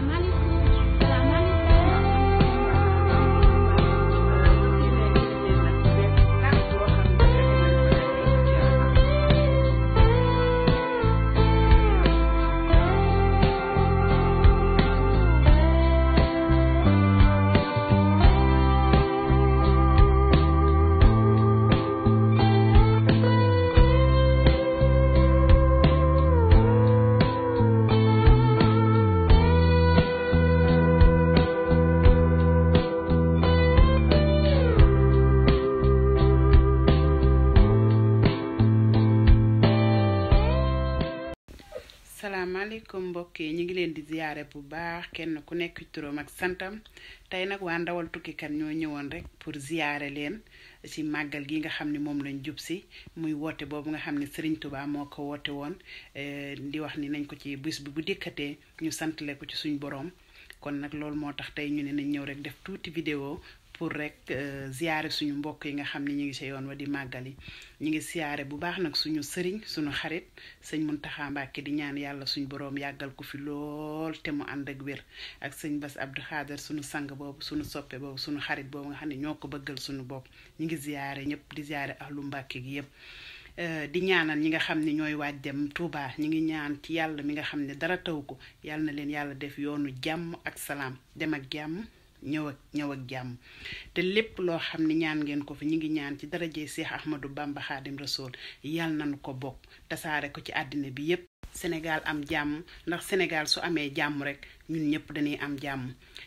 عملكم asalaamaaleykum mbokk yi ñu ngi leen di ziyaare bu baax kenn ku nekk turam ak santam tey nag waa ndawal tukki tukkikat ñoo ñëwoon rek pour ziyaare leen ci màggal gi nga xam ni moom lañ jub si muy woote boobu nga xam ni Serigne Touba moo ko woote woon eh, di wax ni nañ ko ci bis bi bu dikkatee ñu santale ko ci suñ boroom kon nag loolu moo tax tey ñu ne nañ ñëw rek def tuuti vidéo pour rek euh, ziare suñu mbokk yi nga xam ni ñu ngi ci yoon wa di màggali ñu ngi siyaare bu baax nag suñu sëriñ suñu xarit sëñ Muntaxa Mbàkke di ñaan yàlla suñu boroom yàggal ko fi lool te mu ànd ak wér ak sëñ Bass Abdou Khader suñu sang boobu suñu soppe boobu suñu xarit boobu nga xam ñoo ko bëggal suñu bopp ñu ngi ziare ñëpp di ziare ahlu gi yëpp euh, di ñaanal ñi nga xam ni ñooy waaj dem tuubaa ñi ngi ñaan ci yàlla mi nga xam ne dara taw ko yàlla na leen yàlla def yoonu jàmm ak salaam dem ak jàmm ñëw ak ñëw jàmm te lépp loo xam ni ñaan ngeen ko fi ñu ngi ñaan ci darajee Seex Ahmadu Bamba Xaadim Rasool yàlla nañu ko bokk tasaare ko ci àddina bi yépp Sénégal am jàmm ndax Sénégal su amee jàmm rek ñun ñëpp dañuy am jàmm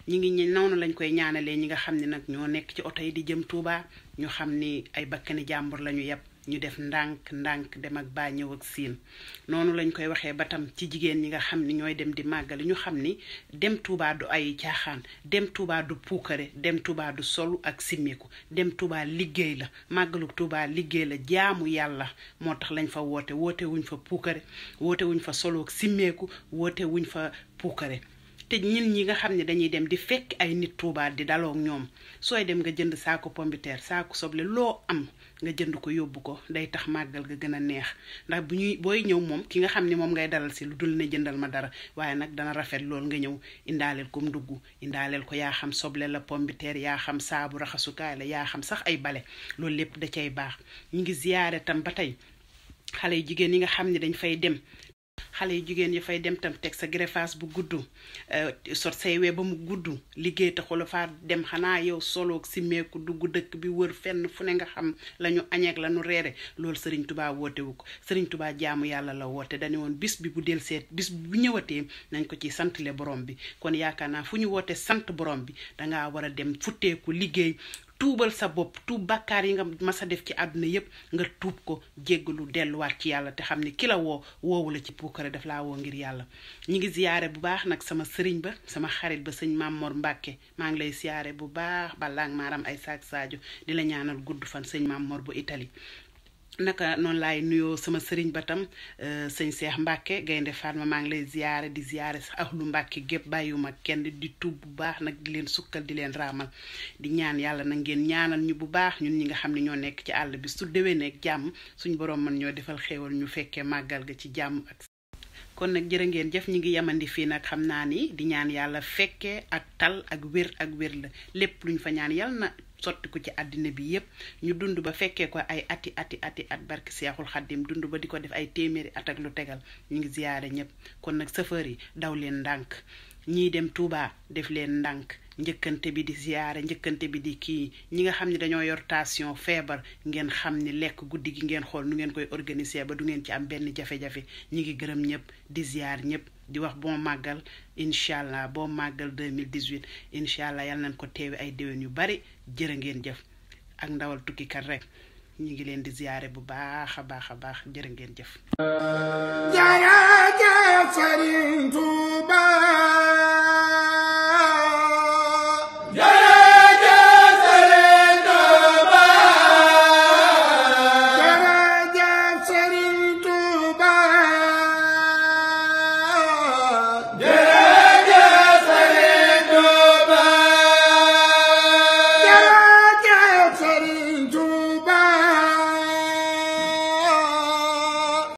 ñi ngi noonu lañ koy ñaanalee ñi nga xam ni nag ñoo nekk ci oto yi di jëm tuubaa ñu xam ni ay bakkani jàmbur lañu yépp ñu def ndànk ndànk dem ak baa ñëw ak siin noonu lañ koy waxee ba tam ci jigéen ñi nga xam ni ñooy dem di màggali ñu xam ni dem Touba du ay caaxaan dem Touba du puukare dem Touba du solu ak simmiku dem Touba liggéey la màggalug Touba liggéey la jaamu yàlla moo tax lañ fa woote woote wuñ fa puukare woote wuñ fa solu ak simmeeku woote wuñ fa puukare te ñin ñi nga xam ne dañuy dem di fekk ay nit Touba di daloog ñoom sooy dem nga jënd saako pombiteer saako soble loo am nga jënd ko yóbbu ko day tax màggal nga gën a neex ndax bu ñuy booy ñëw moom ki nga xam ne moom ngay dalal si lu dul ne jëndal ma dara waaye nag dana rafet lool nga ñëw indaaleel ko dugg indaaleel ko yaa xam soble la pombiteer yaa xam saabu raxasukaay la yaa xam sax ay bale loolu lépp da cay baax ñu ngi ziyaare tam ba tey xale yu jigéen yi nga xam ne dañ fay dem xale yu jigéen yi fay dem tam teg sa greffage bu gudd euh, sot say we ba mu gudd liggéey taxu la faa dem xanaa yow soloog simmeeku dugg dëkk bi wër fenn fu ne nga xam la ñu añeeg la ñu reere loolu Serigne Touba wootewu ko Serigne tubaa jaamu yàlla la woote dañu woon bis bi bu del seet bis bu ñëwatee nañ ko ci santale borom bi kon yaakaar naa fu ñu woote sant borom bi dangaa war a dem futteeku liggéey tuubal sa bopp tuub bàkkaar yi nga mas a def ci àdduna yépp nga tuub ko lu delluwaat ci yàlla te xam ni ki woo woowu la ci puukare def laa woo ngir yàlla ñi ngi ziyaare bu baax nag sama sëriñ ba sama xarit ba sëñ Maam Mbàkke maa ngi lay siyaare bu baax balaa maaram ay saaj saajo di la ñaanal gudd fan sëñ Maam bu itali naka noonu laay nuyoo sama sëriñ ba tam euh, sëñ Cheikh Mbacke gaynde ma maa ngi lay ziyaare di ziyaare sax lu Mbacke gépp mag kenn di tuub bu baax nag leen sukkal di leen raamal di ñaan yàlla na ngeen ñaanal ñu bu baax ñun ñi nga xam ne ñoo nekk ci àll bi su dewee nekk jàmm suñu borom man ñoo defal xéewal ñu fekkee màggal ga ci jàmm ak. kon nag jërë ngeen jëf ñi ngi yemandi fii nag xam naa nii di ñaan yàlla fekkee ak tal ak wér ak wér la lépp luñ fa ñaan yàlla sotti ko ci àddina bi yépp ñu dund ba fekkee ko ay ati ati ati at barki seexul xaddim dund ba di ko def ay téeméeri at lu tegal ñu ngi ziyaare ñépp kon nag safar yi daw leen ndànk ñii dem tuuba def leen ndànk njëkkante bi di ziyaare njëkkante bi di kii ñi nga xam ne dañoo yor tension feebar ngeen xam ni lekk guddi gi ngeen xool nu ngeen koy organiser ba du ngeen ci am benn jafe-jafe ñi ngi gërëm ñépp di ziyaar ñépp di wax boo màggal incha allah bon màggal 2018 incha allah yal nañ ko teewi ay déwén yu bari jërë ngeen jëf ak ndawal tukkikat rek ñu ngi leen di ziyaare bu baax a baax a baax jërë ngeen jëf.